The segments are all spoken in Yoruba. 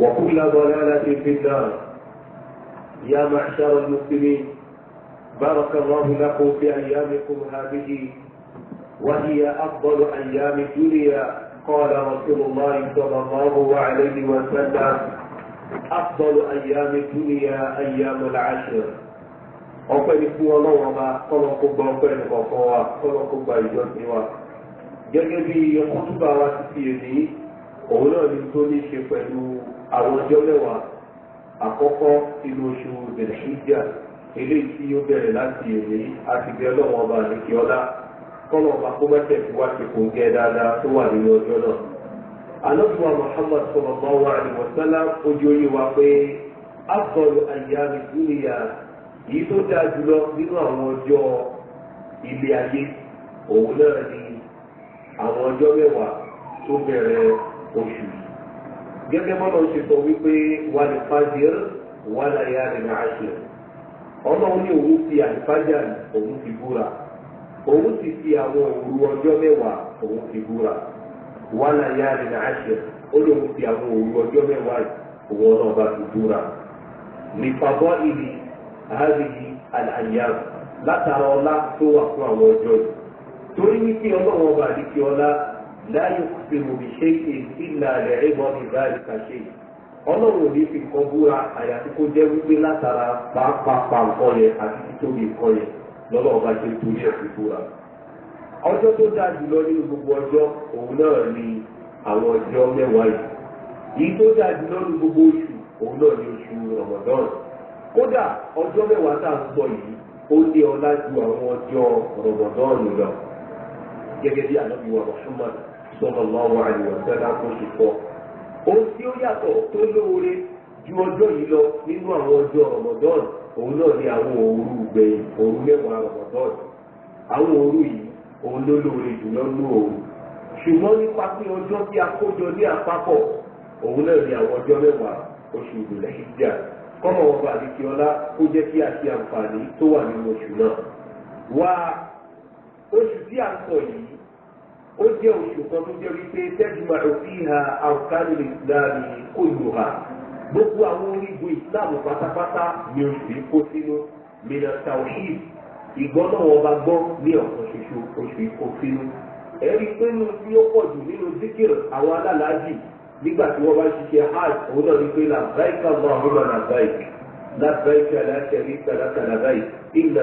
وكل ضلالة في النار يا معشر المسلمين بارك الله لكم في أيامكم هذه وهي أفضل أيام الدنيا قال رسول الله صلى الله عليه وسلم أفضل أيام الدنيا أيام العشر ọpẹ́ ní fún ọlọ́run ọba kọlọkó gba ọpẹ́ nìkọ̀ọ̀kan wa kọlọkó gba ìjọsìn wa gẹ́gẹ́ bí ọkùnrin bá wa ti fi èdè òun náà ní tó ní ṣe pẹ̀lú àwọn ọjọ́ mẹ́wàá àkọ́kọ́ inú oṣù bẹ̀rẹ̀ṣíjà eléyìí tí ó bẹ̀rẹ̀ láti ere àti bẹ́ẹ̀ lọ́wọ́ ọba àdìkí ọlá kọ́lọ̀ kó mẹ́tẹ̀ wá ṣe kòń dáadáa tó wà nínú ọjọ́ náà. Muhammad sallallahu alaihi wasallam ojú orí wa pé afdalu ayyami dunya yìí tó dáa jùlọ nínú àwọn ọjọ́ ilé ayé òun ni àwọn ọjọ́ mẹ́wàá tó bẹ̀rẹ̀ oṣù gẹ́gẹ́ bọ́lá ṣe sọ wípé wà ní fàjẹ́r wà láyà ní àṣẹ ọlọ́run ní òun fi àlùfájà òun ti búra òun ti fi àwọn òru ọjọ́ mẹ́wàá òun ti búra wà láyà ní àṣẹ ó lóun fi àwọn òru ọjọ́ mẹ́wàá òun náà bá ti búra nípàbọ́ ìlì àhàbìyí àlàyé látara ọlá tó wà fún àwọn ọjọ́ yìí torí wípé ọlọ́run ọba àdìkí ọlá لا يقسم بشيء إلا لعظم ذلك الشيء ọlọ́run ò ní fi nǹkan búra àyàfi kó jẹ́ wípé látara pàápàá nǹkan yẹn àti títóbi nǹkan yẹn lọ́wọ́ ọba ṣe torí búra. ọjọ́ tó dáa jùlọ nínú gbogbo ọjọ́ òun náà ni àwọn ọjọ́ mẹ́wàá yìí. èyí tó dáa jùlọ gbogbo oṣù òun náà ni oṣù kódà ọjọ́ mẹ́wàá tá à ń sọ yìí ó sọ̀rọ̀ lọ́wọ́ àyùwọ̀sẹ́lá tó ti kọ́. ohun tí ó yàtọ̀ tó lóore ju ọjọ́ yìí lọ nínú àwọn ọjọ́ rọmọdọ́ọ̀nù òun náà ní àwọn òru gbẹ̀yìn òru mẹ́wàá rọmọdọ́ọ̀nù àwọn òru yìí òun ló lóore jùlọ nú òru ṣùgbọ́n nípa pé ọjọ́ tí a ní ni àwọn ọjọ́ mẹ́wàá oṣù ìbílẹ̀ ìjà wọn bá àdìkí ọlá kó jẹ́ kí a ṣe àǹfààní tó wà nínú oṣù náà wá oṣù tí ó jẹ́ osu kan tó jẹ́ wípé tẹ́jùmọ̀ òfìhà àrùkálù ìsìláàmù kò lùhà gbogbo àwọn orígun ìsìláàmù pátápátá ni gbọ́ ní ọ̀kan ṣoṣo oṣù yìí ẹ̀rí pé tí ó pọ̀ jù nínú zikir àwọn alálàájì nígbà tí wọ́n bá ṣiṣẹ́ hajj òun náà ní pé làbáìkà làbáìkì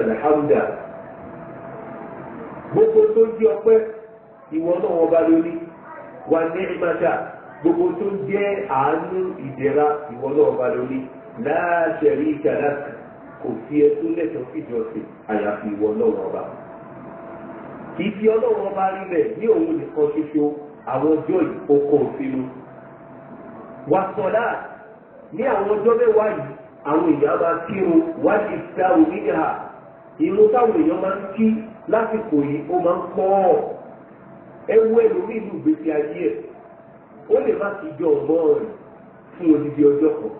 gbogbo tó ìwọ náà wọn bá lórí wà ní ìmáṣà gbogbo tó jẹ́ àánú ìdẹ̀ra ìwọ náà bá lórí láàṣẹrí ìjàdásì kò sí ẹ tó lẹ́tọ̀ọ́ fìjọsìn àyàfi ìwọ náà wọn bá. ìfi wọn bá rí bẹ̀ ní òun nìkan ṣoṣo àwọn ọjọ́ wà sọ̀dá ní àwọn ọjọ́ mẹ́wàá yìí àwọn èèyàn máa kírun wájú ìta òmìnira táwọn èèyàn máa ń kí lásìkò ewu ẹlòmíì ìlú ìgbésí ayé e, ó lè má ti jọ ọgọ́rùn fún odidi ọjọ́ kan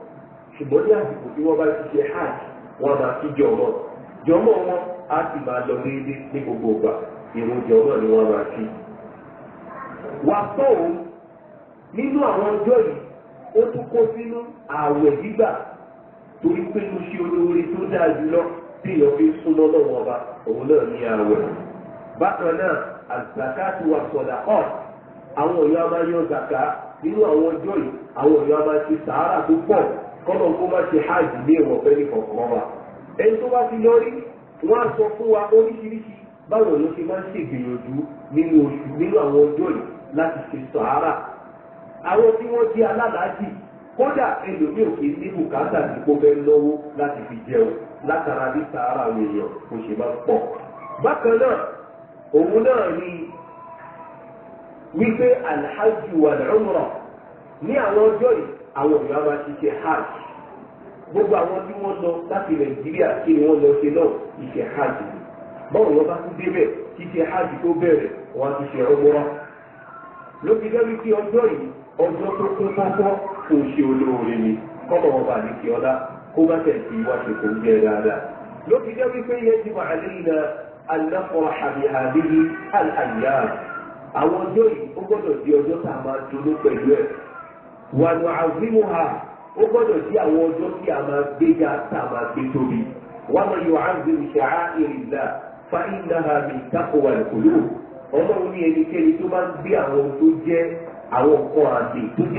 ṣùgbọ́n ní àsìkò tí wọ́n bá ti ṣe hajj wọ́n máa fi jọ ọmọ jọmọ wọn á sì máa lọ déédéé ní gbogbo jọmọ ni wọ́n máa wà o nínú àwọn ọjọ́ yìí ó tún kó sínú ààwẹ̀ gbígbà torí pé mo ṣe olóore tó dáa jùlọ èèyàn fi súnmọ́ lọ́wọ́ ọba òun náà ní ààwẹ̀. bákan àzàká ti wà sọ̀dàkọ́ àwọn èèyàn máa yọ zàká nínú àwọn ọjọ́ yìí àwọn èèyàn máa ti sàárà tó pọ̀ kọ́nà kó má ti hajj ní ìwọ̀n fẹ́ni kọ̀ọ̀kan wa ẹni tó bá ti lọ rí wọ́n á sọ fún wa oríṣiríṣi báwo ló ṣe máa ń ṣègbìyànjú nínú oṣù nínú àwọn ọjọ́ yìí láti ṣe sàárà àwọn tí wọ́n jẹ́ alálàájì kódà ẹlòmíì ò kì í ní bùkátà tí kò fẹ́ lọ́wọ́ láti fi jẹun látara bí sàárà àwọn èèyàn kò ṣe máa pọ̀ bákan òun náà ni wípé alhaji wà lọ́mùrọ̀ ní àwọn ọjọ́ yìí àwọn hajj gbogbo àwọn tí wọ́n lọ láti nàìjíríà kí ni wọ́n lọ ṣe náà ìṣe hajj báwo lọ bá tún débẹ̀ kí ṣe hajj tó bẹ̀rẹ̀ wọ́n ti ṣe ọmọrán ló fi dẹ́rù kí ọjọ́ yìí ọjọ́ tó kún fọ́fọ́ kò ṣe olóore ni ọlá kó bá tẹ̀ sí wáṣẹ̀ kò ń dáadáa ló fi dẹ́rù ti wà aláfọ̀ọ́hà bí àbíyí àlàyé àwọn ọjọ́ yìí ó gbọ́dọ̀ di ọjọ́ tá a máa dúró pẹ̀lú ẹ̀ ha ó gbọ́dọ̀ di àwọn ọjọ́ tí a máa gbé tá a máa gbé tóbi ha mi tákòwà ìkòló ọlọ́run ní ẹnikẹ́ni tó bá ń gbé àwọn tó jẹ́ àwọn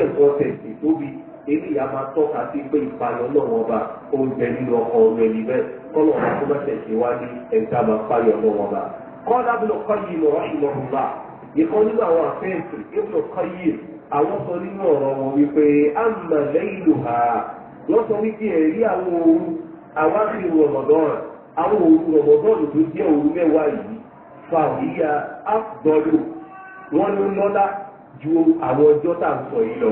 àgbè èyí a máa tọ́ka sí pé ìpayọ̀ lọ́wọ́ ọba ó ń bẹ nínú ọkọ̀ ọ̀rọ̀ ẹni bẹ́ẹ̀ kọ́lọ̀ ọba tó bá ṣẹ̀ṣẹ̀ wá ní ẹ̀ńtà máa payọ̀ lọ́wọ́ ọba. kọ́lá bí lọ́kọ́ yìí lọ́rọ́ ìkan nínú àwọn kọ́ yìí àwọn sọ nínú ọ̀rọ̀ wọn wípé sọ wípé ẹ̀rí àwọn àwọn àwọn tó jẹ́ mẹ́wàá yìí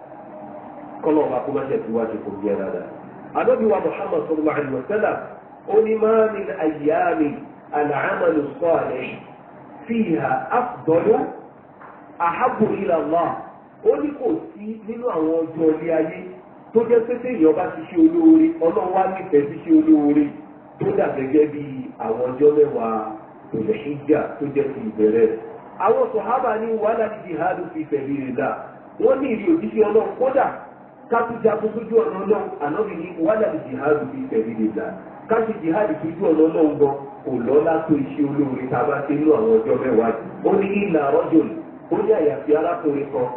kọ́lọ̀ wa kó má ṣe fi wá ṣe kò yẹ dáadáa. àdóbi wa muhammad sallallahu alayhi wa sallam ó ní máa ní àyàmì àlàámàlù sọ́ọ̀lẹ̀ fìhà àfùdọ́lá àhábù ila Allah ó ní kò sí nínú àwọn ọjọ́ ilé ayé tó jẹ́ ti ṣe olóore ọlọ́run wá nífẹ̀ẹ́ ti ṣe olóore tó dà gẹ́gẹ́ bí àwọn ọjọ́ mẹ́wàá tòlẹ́ṣíjà tó jẹ́ ti ìbẹ̀rẹ̀ àwọn sọ̀hábà ní wàhálà ti jihadu fi sabilillah wọ́n ní ìrì òjíṣẹ́ ọlọ́run kódà kápítà kúkújú ọ̀nà náà ànábì ní wàlàbí jihadu fi tẹ̀lé nígbà káṣí jihadu kújú ọ̀nà náà gan kò lọ́lá tó iṣẹ́ olóore tá a bá ṣe nú àwọn ọjọ́ mẹ́wàá ó ní ìlà rọ́jò ó ní àyàfi arákùnrin kan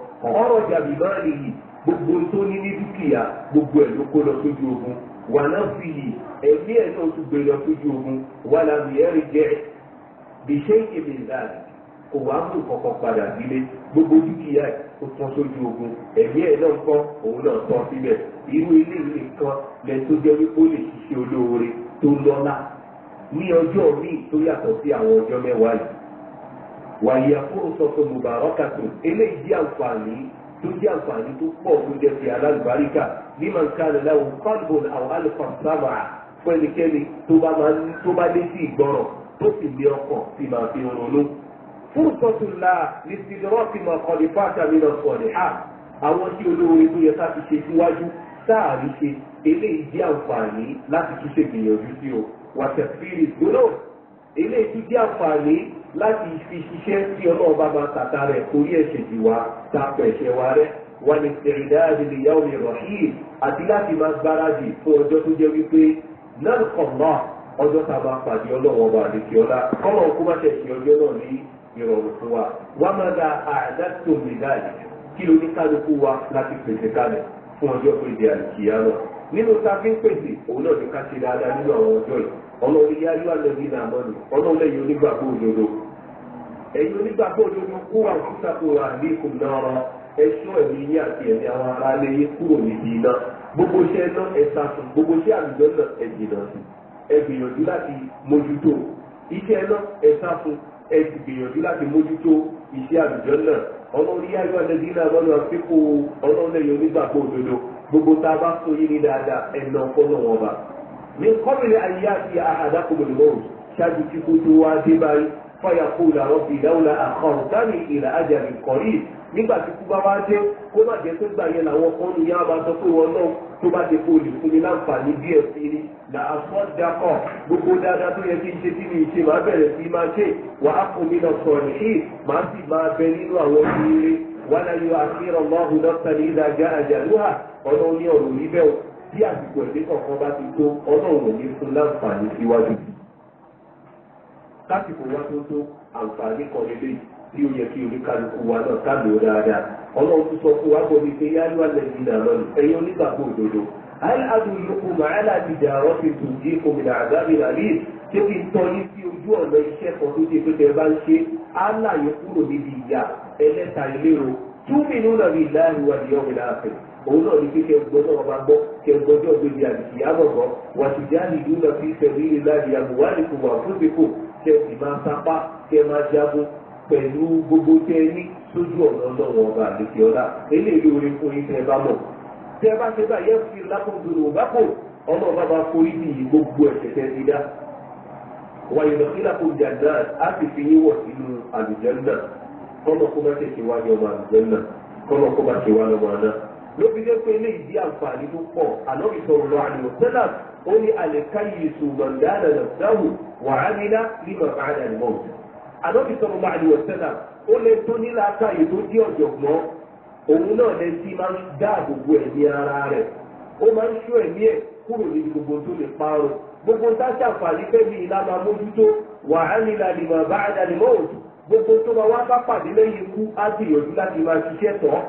ọ̀rọ̀ jàbí máa lè yìí gbogbo tó ní ní dúkìá gbogbo ẹ̀ ló kó lọ sójú ogun wà náà fi yìí ẹ̀mí ẹ̀ náà tún gbé lọ sójú ogun wà lábì ẹ̀rì jẹ́ bí ṣé ìkèmí ìlànà kò wá mú kọ̀kọ̀ padà sílé ó tán sójú ogun ẹ̀mí ẹ̀ náà kọ́ òun náà tán síbẹ̀ irú eléyìí nìkan lẹ tó jẹ́ wípé ó lè ṣiṣẹ́ olóore tó lọ́lá ní ọjọ́ míì tó yàtọ̀ sí àwọn ọjọ́ mẹ́wàá yìí wàyí àfúrúsọ tó mubaraka tó eléyìí jẹ́ àǹfààní tó jẹ́ àǹfààní tó pọ̀ tó jẹ́ ti alálùbáríkà ní mankala láwọn kọ́ńbọ̀n àwọn alùpàṣàmà fún ẹnikẹ́ni tó bá létí ìgbọràn tó sì ní ọkàn tí màá fi ronú fúrùkọ́tùlá ní sídọ́ọ̀tì mọ̀kànlẹ̀ fàtàmínà sọ̀rẹ̀ hà àwọn tí olóore tó yẹ ká ti ṣe síwájú sáàrí ṣe eléyìí jẹ́ àǹfààní láti tún ṣègbìyànjú sí o wàtẹ̀fìrì gbóná eléyìí tún jẹ́ àǹfààní láti fi ṣiṣẹ́ tí ọlọ́ọ̀bá máa tàta rẹ̀ torí ẹ̀ṣẹ̀ jì wá tapò ẹ̀ṣẹ̀ wa rẹ̀ wà ní tẹ̀rìdáàdì lè yáwó lè rọ̀hìn àti láti máa gbáradì fún ọjọ́ tó jẹ́ wípé náà kàn náà ọjọ́ tá a máa pàdé ọlọ́wọ́ ọba àdékè ọlá kọ́lọ̀ kó má ṣe ṣe ọjọ́ náà ní ìrọ̀rùn fún wa wà máa da àdásítò mi dáàlì kí ló ní kálukú wa láti pèsè kalẹ̀ fún ọjọ́ péjì àlùkìyà náà nínú ta fi ń pèsè òun náà ní ká ṣe dáadáa nínú àwọn ọjọ́ yìí ọlọ́run yá yóò àlọ́bí náà mọ́ni ọlọ́run lẹ́yìn onígbàgbọ́ òdodo ẹ̀yin onígbàgbọ́ òdodo kó wà fúnṣàkó àlékún náà ẹ̀ṣọ́ ẹ̀mí yín àti ẹ̀mí àwọn ará lẹ́yìn kúrò níbi iná gbogbo iṣẹ́ náà ẹ̀sà sùn gbogbo iṣẹ́ àlùjọ náà ẹ̀jìnà sí ẹ̀gbìyànjú láti mójútó iṣẹ́ náà ẹ̀sà sùn ẹ ti gbìyànjú láti mójútó iṣẹ́ àlùjọ náà ọlọ́run yá ìwà ẹ̀dẹ́gbẹ́ náà lọ́nà àfikún ọlọ́run ẹ̀yọ nígbàgbọ́ òdodo gbogbo tá a bá so yín ní dáadáa ẹ̀nà ọkọ́ náà wọ́n bá. ní kọ́mìnrin ayé àti àhàdá kòmìnirọ́ọ̀rù ṣáájú tí kò tó wá dé báyìí fọyà kó làwọn fi ìdáwọ́lá àkọ́rùtánì ìlà àjàmì kọ́rí nígbà tí kú bá wá dé kó má jẹ́ pé gbà yẹn tó bá ti fún olùfúnni láǹfààní díẹ̀ sí ni là á sọ dákọ̀ gbogbo dáadáa tó yẹ kí n ṣe tí mi ṣe máa bẹ̀rẹ̀ sí máa ṣe wà á fún mi lọ sọ̀rọ̀ ṣe máa sì máa bẹ nínú àwọn ìrere wàlá yóò àfihàn ọlọ́hùn dọ́kítà ní ìdájà àjàlúhà ọ̀nà oní ọ̀rọ̀ orí bẹ́ẹ̀ bí àsìkò ẹ̀mí kọ̀ọ̀kan bá ti tó ọlọ́run ò ní fún láǹfààní síwájú. lásìkò wá tó tó àǹfààní kan lélẹ́yìí tí ó yẹ kí oníkálukú wa náà ká ọlọ́run sọ fún wa gbọ́ mi pé yálù alẹ́bí náà lọ ẹ̀yin onígbàgbọ́ òdodo aláàbò yòókù màálà àbìjà ọ̀rọ̀ ti tù jí omìnà àgbàbí ràlí ṣé kí n tọ́ ní sí ojú ọ̀nà iṣẹ́ kan tó ṣe pé tẹ bá ń ṣe aláàyè kúrò níbi ìyá ẹlẹ́ta ìlérò túmí nínú nàbí ìlànà ìwádìí ọ̀gbìn náà fẹ̀ òun náà ní kíkẹ́ gbọ́ náà bá gbọ́ kẹ́ gbọ́jọ́ gbèdé àdìsí àbọ̀bọ̀ wàtìjà nìlú náà fi ṣẹ̀rí ìlànà ìyàgò wà pẹ̀lú gbogbo tẹ ní lójú ọ̀nà ọlọ́wọ́ ọba àdékè ọlá eléyìí orí fún yín tẹ́ bá mọ̀ bá bá yẹ fi ọmọ ọba bá forí bí gbogbo ti dá wàyí lọ jàdá á sì fi yín wọ̀ sínú àlùjẹ́ńdà kọ́nà kó má ṣe ṣe wá ní ọmọ àlùjẹ́ńdà kọ́nà kó má wá lọ́mọ àná pé àǹfààní tó pọ̀ sọ̀rọ̀ lọ sẹ́lá ó ní alẹ́ dáhùn wàhálà ó lè tó nílàáta ìtòjí ọ̀jọ̀gbọ́n òun náà lè ti máa ń dáàbòbò ẹ̀mí ara rẹ̀ ó máa ń ṣọ́ ẹ̀mí ẹ̀ kúrò ní gbogbo tó lè parun gbogbo tá ṣàǹfààní fẹ́mi ìlà máa mójútó bá gbogbo tó máa wá bá pàdé lẹ́yìn ikú á gbìyànjú láti máa ṣiṣẹ́ tán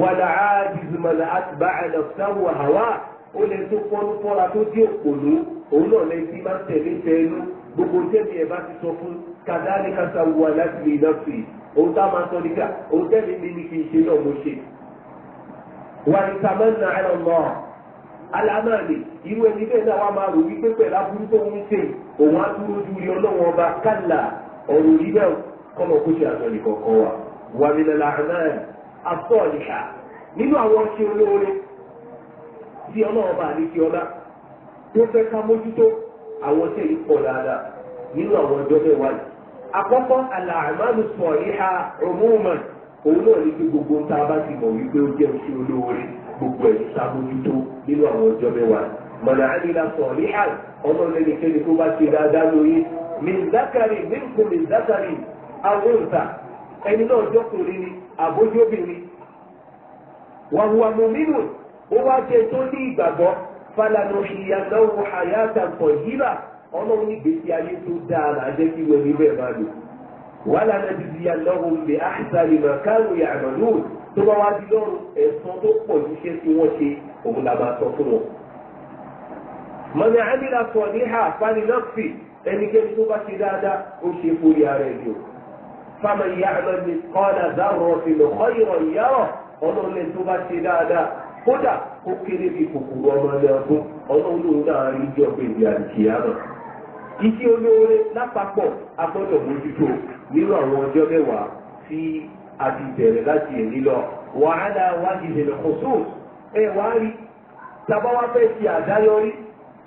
wàlà àdìsímọ̀lá àtìbá àdàfúnáwò àwà ó lè tó fọ́nú fọ́ra tó dé òpòló òun náà lè ti máa tẹ̀lé gbogbo ẹ̀ bá ti sọ fún láti lè náà òun tá a máa sọ nígbà òun tẹ́lẹ̀ mi ní kí n ṣe náà mo ṣe. wà ní sàmánà ẹ̀rọ mọ́ alámàlè irú ẹni bẹ́ẹ̀ náà wà máa rò wípé pẹ̀lú aburú tó ń ṣe òun á dúró ju rí ọlọ́wọ́n ọba kálà ọ̀rọ̀ yìí náà kọ́mọ kó ṣe àtọ̀lì kọ̀ọ̀kan wa. wà ní lẹ́làmán afọ́ọ̀nìkà nínú àwọn ṣe olóore tí ọlọ́wọ́n bá ní kí ọlá tó fẹ́ ká mójútó àwọn tẹ̀lé pọ̀ dáadáa nínú àwọn ọjọ́ mẹ́wàá yìí àkọ́kọ́ àlàámánù pọ̀ níhà òmùmà òun náà ní kí gbogbo tá a bá ti mọ̀ wípé ó jẹ́ oṣù olóore gbogbo ẹ̀sùn sábójútó nínú àwọn ọjọ́ mẹ́wàá mọ̀nà àdìlà pọ̀ níhà ọmọ lẹ́nikẹ́ni tó bá ti dáadáa lóye mìzákàrí mímkù mìzákàrí àwọn òǹtà ẹni náà jọkùnrin ni àbójóbìnrin wàhùwà mọ̀mínú ó wá jẹ tó ní ìgbàgbọ́ fálànà ìyàtọ̀ wọ ọlọ́run ní ayé tó dáa là jẹ́ kí wọ́n níbẹ̀ máa lò wà lánàá dídí aláwọ̀ lè àṣàlì mà káàrò ìyàgbọ̀n lóòrùn tó bá wá di lọ́rùn ẹ̀sán tó pọ̀ níṣẹ́ tí wọ́n ṣe òun la máa sọ fún wọn. mọ̀nà àmìlà sọ ní ha ẹnikẹ́ni tó bá ṣe dáadáa ó ṣe ara ìyá mi iṣẹ́ olóore lápapọ̀ agbọ́dọ̀ mójútó nínú àwọn ọjọ́ mẹ́wàá tí a ti bẹ̀rẹ̀ láti èrí lọ wàhálà wájú ìṣẹ̀lẹ̀ kòsùn ẹ wàá rí tabawa fẹ́ ti àdáyọrí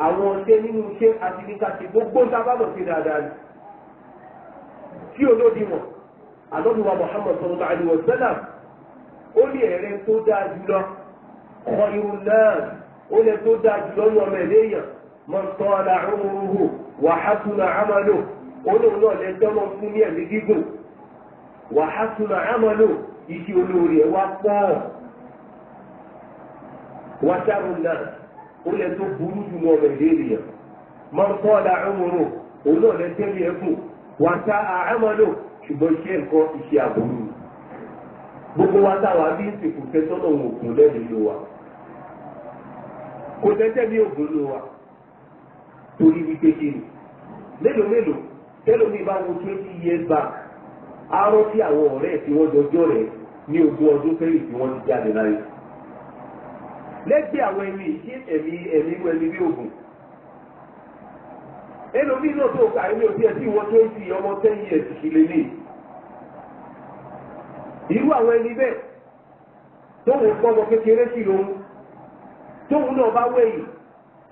àwọn ọ̀sẹ̀ nínú iṣẹ́ àtìníkàtì gbogbo tábàbọ̀ sí dáadáa ni tí olódi wọn àlọ́dúnwà Muhammad sallallahu alaihi wa sallam ó lè ẹ̀rẹ́ tó dáa jùlọ kọ irun náà ó lè tó dáa jùlọ ní ọmọ ẹ̀lẹ́yàn mọ̀ wàhásùnà àmàlò olóhùn náà lè tọ́lọ́ fún ní ẹ̀mí gígùn wàhásùnà àmàlò iṣẹ́ olórí ẹ̀ wá pọ̀ wàṣàrùn náà ó lè tó jù lọ rẹ̀ léèrè máa ń kọ́ ọ̀la ẹ̀mọ̀rò òun náà lè tẹ́lẹ̀ a wàṣà àmàlò ṣùgbọ́n wa torí wípé kí ni mélòó mélòó tẹ́lómi bá wo twenty years back arọ sí àwọn ọrẹ tí wọ́n jọ ni ní ogún ọdún fẹ́yìn tí wọ́n ti jáde láyé àwọn bí ogun ẹlòmíì náà tó ẹ tí twenty ọmọ ten years sì lè ní irú àwọn ẹni bẹ́ẹ̀ tóun gbọ́mọ kékeré sí lòun tóun náà bá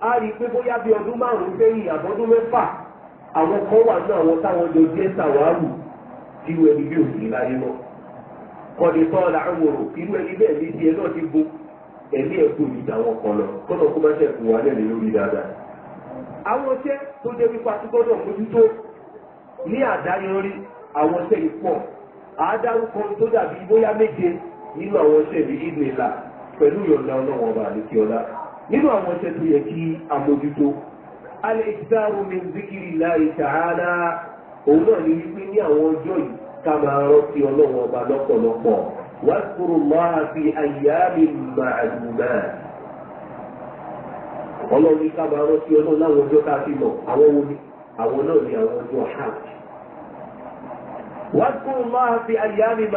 a rí i pé bóyá bí ọdún márùn-ún sẹ́yìn àbọ̀dún mẹ́fà àwọn kan wà ní àwọn táwọn jọ jẹ́ sàwárù tí irú ẹni bí òsì láyé lọ kọ́ni tọ́lá àwòrò irú ẹni bẹ́ẹ̀ ní náà ti bo ẹ̀mí kan lọ kọ́nà kó má ṣẹ̀kù wà lẹ́nu lórí dáadáa. àwọn tó jẹ́ wípé mójútó ní àdáyọrí àwọn ìpọ̀ àádárúkọ ọba nínú àwọn iṣẹ́ tó yẹ kí àmójútó al-iktharu zikiri zikrillahi ta'ala òun náà ní wípé ní àwọn ọjọ́ yìí ká ọba lọ́pọ̀lọpọ̀ wadhkurullaha fi ọlọ́run ní ká máa rántí ọlọ́run láwọn ọjọ́ a fi mọ̀ àwọn wo ni àwọn náà ní àwọn ọjọ́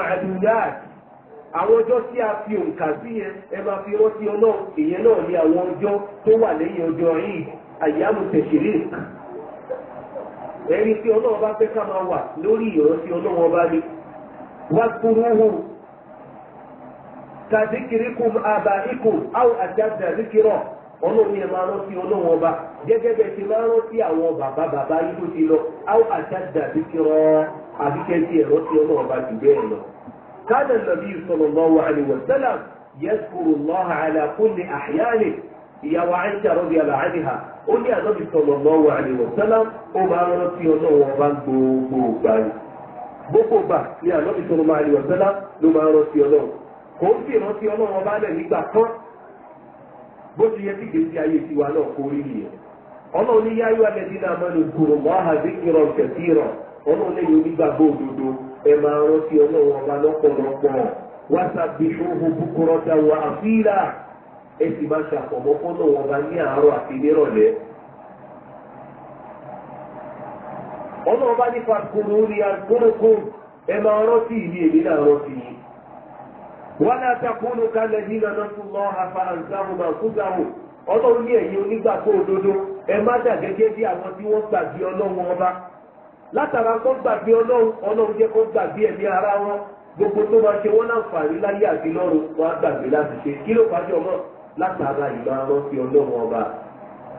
hajj àwọn ọjọ́ tí a fi òǹkà sí yẹn ẹ máa fi sí ọ náà èyẹn náà ní àwọn ọjọ́ tó wà lẹ́yìn ọjọ́ yìí àyàmù tẹ̀sílẹ̀ ẹ̀rí tí ọlọ́run bá fẹ́ ká máa wà lórí ìrántí ọlọ́run ọba ni wá kúrú hù ọlọ́run yẹn máa rántí ọba gẹ́gẹ́ bẹ́ẹ̀ ti máa rántí àwọn bàbá lọ àbíkẹ́ tí jù bẹ́ẹ̀ lọ. كان النبي صلى الله عليه وسلم يذكر الله على كل أحيانه ìyá wa Aisha rọ́bì aláàdìhà ó ní ànábì sallallahu alaihi wasallam ó máa ń rántí ọlọ́wọ́ ọba gbogbo gbà ní. gbogbo gbà ní ànábì sallallahu alaihi wasallam ló máa ń rántí ọlọ́wọ́ kò ń fi rántí ọlọ́wọ́ ọba lẹ̀ nígbà kan bó ti yẹ kíkè sí ayé tiwa náà kó rí nìyẹn. ọlọ́run ní yáyọ alẹ́dínlá amánugùn ọ̀gbọ́n àhàdé ìrọ̀ kẹ̀síìrọ̀ ọlọ́run lẹ́yìn onígbàgbọ́ òdodo ẹ máa rántí ọlọ́run ọba lọ́pọ̀lọpọ̀ wá sàbíṣó bukúrọ́ dá wa àfíìlà ẹ sì máa ṣàfọ̀mọ́ fọ́lọ́run ọba ní àárọ̀ àti nírọ̀lẹ́. ọlọ́run bá ní fàkùrù ní àgbórókò ẹ máa rántí ìlú èmi náà rántí wọ́n á takùnú kalẹ̀ nínú ọlọ́sùn lọ́ọ́ ọlọ́run ní onígbàgbọ́ òdodo ẹ má dà gẹ́gẹ́ bí àwọn tí wọ́n gbàgbé ọba látara kó gbàgbé ọlọ́run ọlọ́run jẹ́ kó gbàgbé ẹ̀mí ara wọn gbogbo tó máa ṣe wọ́n láǹfààní láyé àti lọ́run wọn á gbàgbé láti ṣe kí ló fàájọ mọ́ látara ìgbà rántí ọlọ́run ọba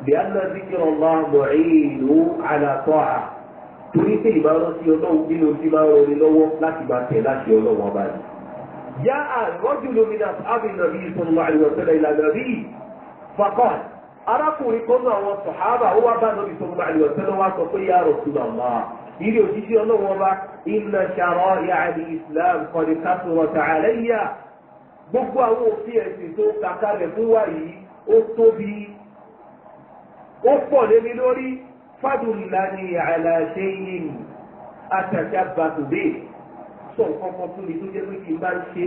bí aládìkìrọ̀ máa mọ̀ ìlú àlàtọ́ à torí pé ìgbà rántí ọlọ́run nínú tí máa rọ ni lọ́wọ́ láti máa tẹ̀ láti ọlọ́run ọba yìí. yá àrọ́jù lómìnà ábì nàbí ìsọ̀rọ̀ arákùnrin kan àwọn sọ̀hábà ó wá bá nàbí ìsọ̀rọ̀ àìwọ̀sẹ̀lẹ̀ wá sọ pé yá rọ̀ ilé òjijì ọlọ́run ọba inna shara'i al-islam qad kasurat alayya gbogbo àwọn òfin ẹ̀sìn tó kàkálẹ̀ fún wa yìí ó tóbi ó pọ̀ lémi lórí fadùnlani ala shay'in atashabbatu bihi sọ nǹkan kan fún mi tó jẹ́ pé kí n bá ń ṣe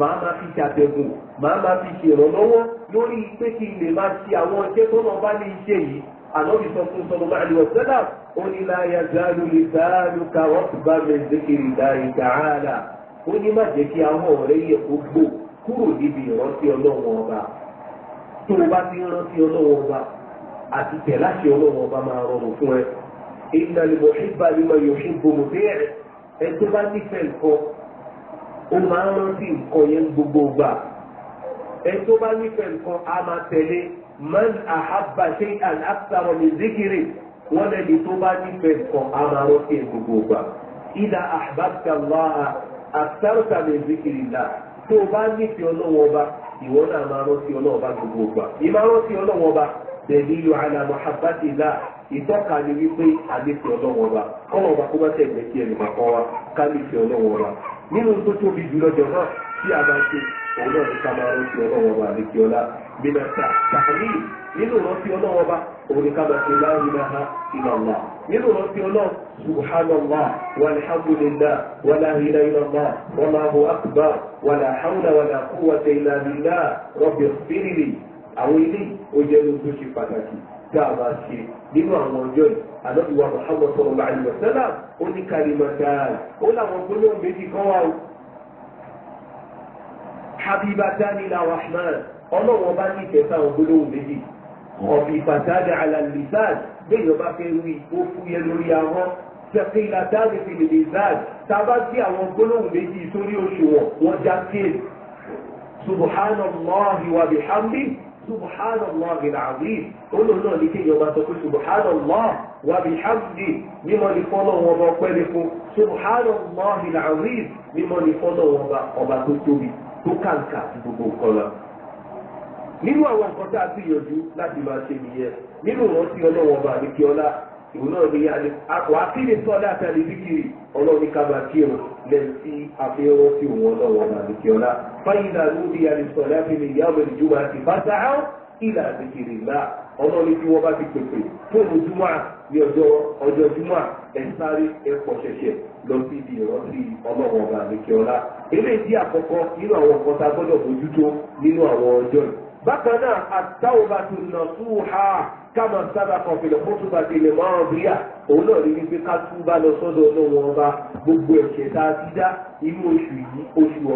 màá máa fi ṣàbẹ̀wò màá máa fi ṣèrànlọ́wọ́ lórí pé kí n lè máa ṣe àwọn ọjẹ́ tó náà bá ní iṣẹ́ yìí ànábì ó ní láyà zálù lè zálù ká wọ́n ti bá mi zikiri dáì tààlà ó ní má jẹ́ kí àwọn ọ̀rẹ́ yẹ kó gbò kúrò níbi ìrántí ọlọ́wọ́n ọba tó o bá ti rántí ọlọ́wọ́n ọba àti tẹ̀láṣẹ ọlọ́wọ́n ọba máa rọrùn fún ẹ. ìlànà ìmọ̀ṣíbà ni mo yọ̀ ṣe gbòmù bẹ́ẹ̀ ẹ tó bá nífẹ̀ẹ́ nǹkan ó máa ń rántí nǹkan yẹn gbogbo gbà ẹ tó bá nífẹ̀ẹ́ nǹkan á máa tẹ̀lé man àhábà ṣe àlàkàrọ̀ mi zikiri. wọ́n lẹ́ni tó bá nífẹ̀ẹ́ kan á máa rántí ẹ̀ gbogbo ìgbà ìdá ahbabta Allaha àtàrùtà min zikrillah tó o bá nífẹ̀ẹ́ ọlọ́wọ́ ọba ìwọ náà máa rántí ọlọ́wọ́ ọba gbogbo ìgbà ìmá rántí ọlọ́wọ́ ọba bẹ̀ẹ̀ni kó bá wa nínú tó tóbi jùlọ náà tí a bá ṣe òun náà ní ká máa rántí ọlọ́wọ́ oníkàbọ̀ sí láìláha ìlànà nínú ọ̀sìn ọlọ́run subhanallah walhamdulillah wala ilaha illallah wallahu akbar wala hawla wala quwwata illa billah rabbil firili àwọn ilé ojẹ́lu tó ṣe pàtàkì tá a máa ṣe nínú àwọn ọjọ́ yìí àlọ́dúnwà muhammad sallallahu alaihi wasallam ó ní kalimatan ó láwọn gbólóhùn méjì kan wá o habibatani la ọ̀bì pàtàkì alàlìsáàd bẹ́ẹ̀ bá fẹ́ wí ó fúyẹ́ lórí ahọ́n tẹ̀kí ìlàtàkì fìlìlìsáàd tábà sí àwọn gbólóhùn méjì sórí òṣùwọ̀n wọn já kéèlì subhanallahi wa bihamdi subhanallahi alazim olóòlò ní kéèyàn bá sọ pé subhanallah wa bihamdi mímọ́ ní fọ́lọ́ wọn bá pẹ́ ní fún subhanallahi alazim mímọ́ ní fọ́lọ́ wọn bá ọba tó tóbi tó kàǹkà gbogbo nǹkan lọ nínú àwọn nǹkan tá a gbìyànjú láti máa ṣe nìyẹn nínú ìrántí ọlọ́wọ́n bá ní kí ọlá ìwọ náà ní yáni àpò akéde tó ọlá àti àlejìkiri ọlọ́run ní kábàá kí ẹ̀rọ lẹ́yìn tí afẹ́rọ́ sí òun ọlọ́wọ́n bá ní kí ọlá fáyínà ló ní yáni sọ láti ní ìyá ọmọ ìjọba àti bàtà áwọn ìlà àlejìkiri ńlá ọlọ́run tí wọ́n bá ti pèpè fóònù júmọ́ ní ọjọ́ ọjọ́ júmọ́ bákan náà àtàwọ̀bàtò nàṣúhà káma sábà kọfìlẹ̀ kótóba tẹlẹ máa bíyà òun náà rí wípé gbogbo ẹ̀ṣẹ̀ tá a ti dá oṣu oṣù yìí oṣù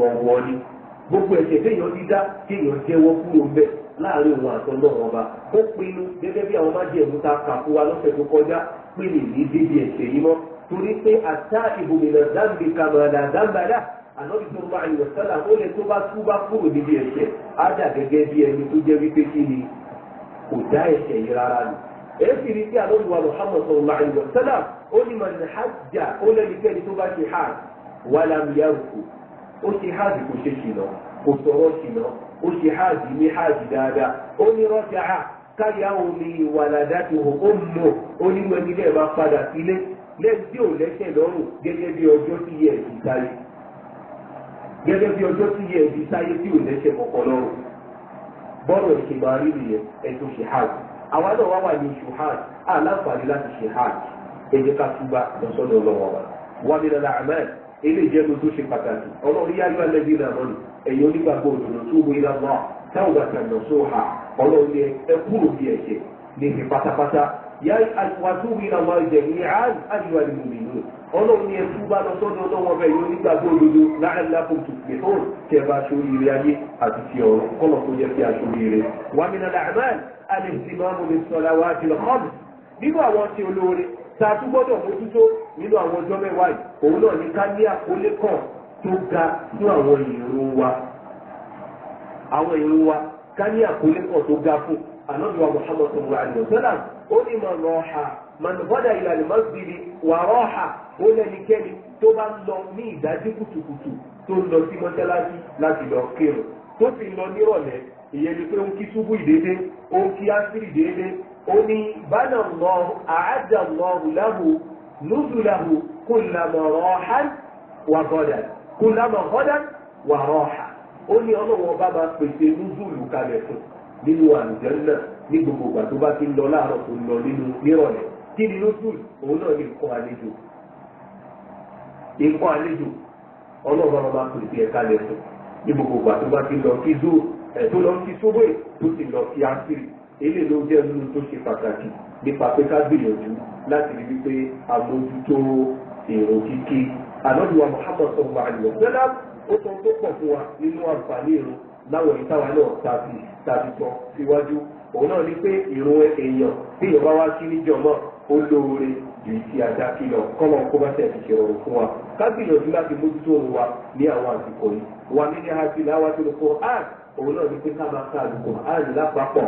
ọ̀wọ́ ni gbogbo ẹ̀ṣẹ̀ téèyàn ti dá kéèyàn jẹ́wọ́ kúrò láàrin òun ọba ta wa tó kọjá ní yìí torí pé àtà ìbòmìnà ànábì tó bá ìwọ̀ sọ́là ó lè tó bá tú bá kúrò níbi ẹ̀ṣẹ̀ á dà gẹ́gẹ́ bí ẹni tó jẹ́ wípé kí ni kò dá ẹ̀ṣẹ̀ yìí rárá ni. èsì rí sí ànábì wa Muhammad sọ̀rọ̀ àìwọ̀ sọ́là ó ní mọ̀nà hajjá ó lẹ́nikẹ́ni tó bá ṣe hajj wà lámìyàwó ó ṣe hajj kò ṣe ṣìnà kò sọ̀rọ̀ ṣìnà ó ṣe hajj ní hajj dáadáa ó ní rọ́jà káyà omi ìwàlàdá ti hàn ó mú ó ní wẹ́n nílẹ̀ máa padà sílé lẹ́yìn tí lẹ́sẹ̀ lọ́rùn gẹ́gẹ́ bí ọjọ́ tí yẹ ìtayé gẹ́gẹ́ bí ọjọ́ tí yẹ ẹbí sáyé tí ò lẹ́sẹ̀ kọ̀ọ̀kan lọ́rùn bọ́ọ̀rọ̀ ìṣègbà rí nìyẹn ẹ̀tún ṣe hajj àwa náà wá wà ní oṣù hajj aláǹfààní láti ṣe hajj ẹ jẹ́ ká túbà lọ́sọ́dọ̀ ọlọ́wọ́ wa wà mí lọ́la ahmed ilé ìjẹ́nu tó ṣe pàtàkì ọlọ́run yá yọ alẹ́ bí ìlànà rẹ̀ ẹ̀yin onígbàgbọ́ òdòdó tó wọ ilá náà táwọn bàtà nà só ọlọ́run yẹ ẹ kúrò bí ẹ̀jẹ̀ ní ìfi yá wà tó wọ ilá náà jẹ̀ ní àjùwà ni mo mìíràn ọlọ́run ní ẹtú bá lọ sọ́dọ̀ ọlọ́wọ́ rẹ̀ yóò nígbàgbọ́ òdodo láàlákò tòkè hàn kí ẹ bá aṣọ oríire ayé àti ti ọ̀rọ̀ kọ́nà tó yẹ kí aṣọ oríire. wàmínà làmán alẹ́sìmáàmù ní sọ̀lá wa ti lọ́kọ́ọ̀mù nínú àwọn ti olóore tá a tún gbọ́dọ̀ mójútó nínú àwọn ọjọ́ mẹ́wàá yìí òun náà ní ká ní àkólé kan tó ga fún àwọn ìrun wa àwọn ìrun wa ká ní àkólé kan tó ga fún ànábìwá muhammadu wa àdìyàn ó ní mọ̀ lọ́ọ́ man ghada ila al-masjid wa raha ó lẹ́nikẹ́ni tó bá ń lọ ní ìdájí kùtùkùtù tó ń lọ sí mọ́ṣáláṣí láti lọ kírun tó sì ń lọ nírọ̀lẹ́ ìyẹn ni pé ó ń kí ṣubú ìdédé ó ń kí ásírì dédé ó ní bánà lọ àádà lọ làwù nùdùlàwù kullama rahan wa ghada kullama ghada wa raha ó ní ọlọ́wọ́ bá máa pèsè nùdùlù kalẹ̀ fún nínú àlùjẹ́ náà ní gbogbo ìgbà tó bá ti lọ láàárọ̀ tó lọ nínú nírọ̀lẹ́ kí ni ó dùn òun náà ní nǹkan àlejò nǹkan àlejò ọlọ́run máa máa pèsè ẹ̀ka lẹ́sùn ní gbogbo ìgbà tó bá ti lọ kí zoo ẹ̀ tó lọ kí sóbè tó ti lọ kí áńtírì eléyìí ló jẹ́ nínú tó ṣe pàtàkì nípa pé ká gbìyànjú láti rí wípé àmójútó èrò kíkí àlọ́dúnwà Muhammad sọ̀rọ̀ àlùyọ̀ gbẹ́dá ó sọ tó pọ̀ fún wa nínú àǹfààní èrò láwọn èyí táwa náà tàbí tàbí tán síwájú òun náà ni pé ìrun èèyàn tí èèyàn bá wá sí níjọ náà ó lóore ju ti àdá kìlọ̀ kọ́mọ̀ kó bá tẹ̀lé ṣe fún wa ká gbìyànjú láti mójútó òun wa ní àwọn àsìkò yìí wà nínú àti ìlà wàá tó lè kó àn òun náà ní pé ká máa ka àlùkò àn lápapọ̀